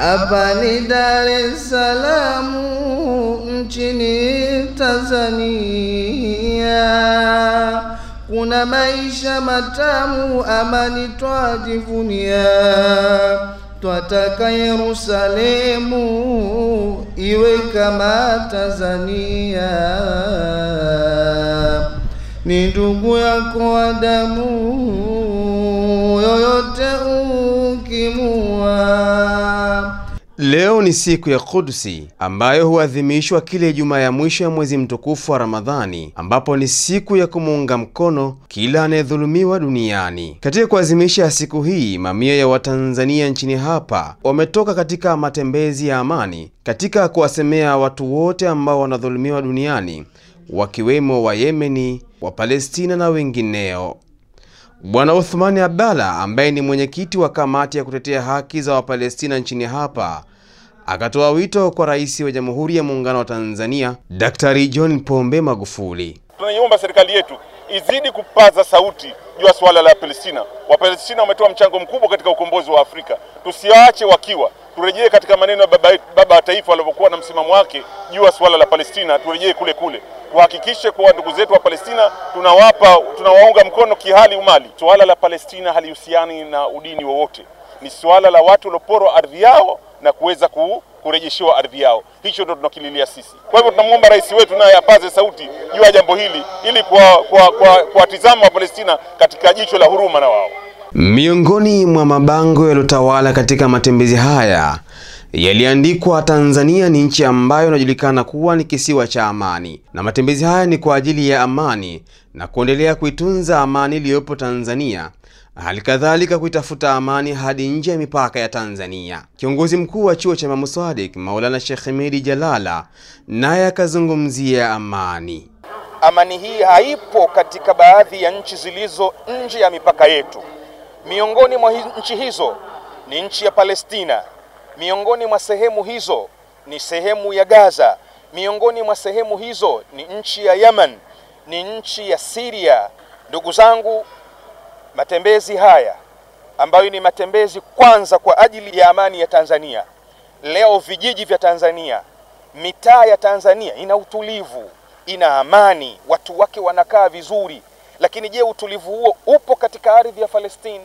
Hapa ni Dar es Salaam nchini Tanzania, kuna maisha matamu, amani twajivunia. Twataka Yerusalemu iwe kama Tanzania. Ni ndugu yako Adamu Leo ni siku ya Quds ambayo huadhimishwa kila Ijumaa ya mwisho ya mwezi mtukufu wa Ramadhani, ambapo ni siku ya kumuunga mkono kila anayedhulumiwa duniani. Katika kuadhimisha siku hii, mamia ya Watanzania nchini hapa wametoka katika matembezi ya amani katika kuwasemea watu wote ambao wanadhulumiwa duniani, wakiwemo wa Yemeni, wa Palestina na wengineo. Bwana Uthmani Abdalla ambaye ni mwenyekiti wa kamati ya kutetea haki za Wapalestina nchini hapa akatoa wito kwa Rais wa Jamhuri ya Muungano wa Tanzania Daktari John Pombe Magufuli. Tunaiomba serikali yetu izidi kupaza sauti juu ya suala la Palestina. Wapalestina wametoa mchango mkubwa katika ukombozi wa Afrika, tusiwaache wakiwa. Turejee katika maneno ya baba wa taifa alivyokuwa na msimamo wake juu ya suala la Palestina, turejee kule kule tuhakikishe kuwa ndugu zetu wa Palestina tunawapa tunawaunga mkono kihali umali. Suala la Palestina halihusiani na udini wowote, ni suala la watu walioporwa ardhi yao na kuweza ku kurejeshewa ardhi yao. Hicho ndio tunakililia sisi. Kwa hivyo tunamwomba rais wetu naye apaze sauti juu ya jambo hili ili kuwatizama Wapalestina katika jicho la huruma na wao. Miongoni mwa mabango yaliyotawala katika matembezi haya yaliandikwa Tanzania ni nchi ambayo inajulikana kuwa ni kisiwa cha amani, na matembezi haya ni kwa ajili ya amani na kuendelea kuitunza amani iliyopo Tanzania, hali kadhalika kuitafuta amani hadi nje ya mipaka ya Tanzania. Kiongozi mkuu wa chuo cha Imamu Maulana Sheikh Hemidi Jalala naye akazungumzia amani. Amani hii haipo katika baadhi ya nchi zilizo nje ya mipaka yetu. Miongoni mwa nchi hizo ni nchi ya Palestina Miongoni mwa sehemu hizo ni sehemu ya Gaza, miongoni mwa sehemu hizo ni nchi ya Yemen, ni nchi ya Syria. Ndugu zangu, matembezi haya ambayo ni matembezi kwanza kwa ajili ya amani ya Tanzania, leo vijiji vya Tanzania, mitaa ya Tanzania ina utulivu, ina amani, watu wake wanakaa vizuri. Lakini je, utulivu huo upo katika ardhi ya Palestina?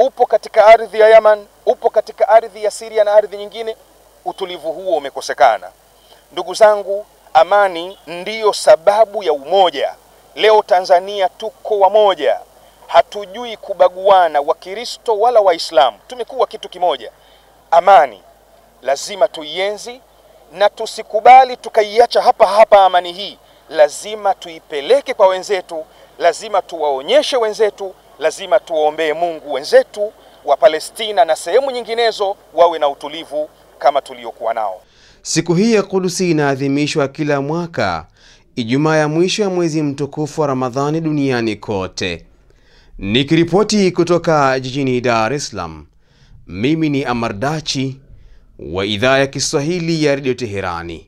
upo katika ardhi ya Yaman, upo katika ardhi ya Syria na ardhi nyingine, utulivu huo umekosekana. Ndugu zangu, amani ndiyo sababu ya umoja. Leo Tanzania tuko wamoja, hatujui kubaguana, Wakristo wala Waislamu, tumekuwa kitu kimoja. Amani lazima tuienzi na tusikubali tukaiacha hapa hapa. Amani hii lazima tuipeleke kwa wenzetu, lazima tuwaonyeshe wenzetu lazima tuwaombee Mungu wenzetu wa Palestina na sehemu nyinginezo wawe na utulivu kama tuliokuwa nao. Siku hii ya Kudusi inaadhimishwa kila mwaka Ijumaa ya mwisho ya mwezi mtukufu wa Ramadhani duniani kote. Nikiripoti kutoka jijini Dar es Salaam, mimi ni Amardachi wa idhaa ya Kiswahili ya Redio Teherani.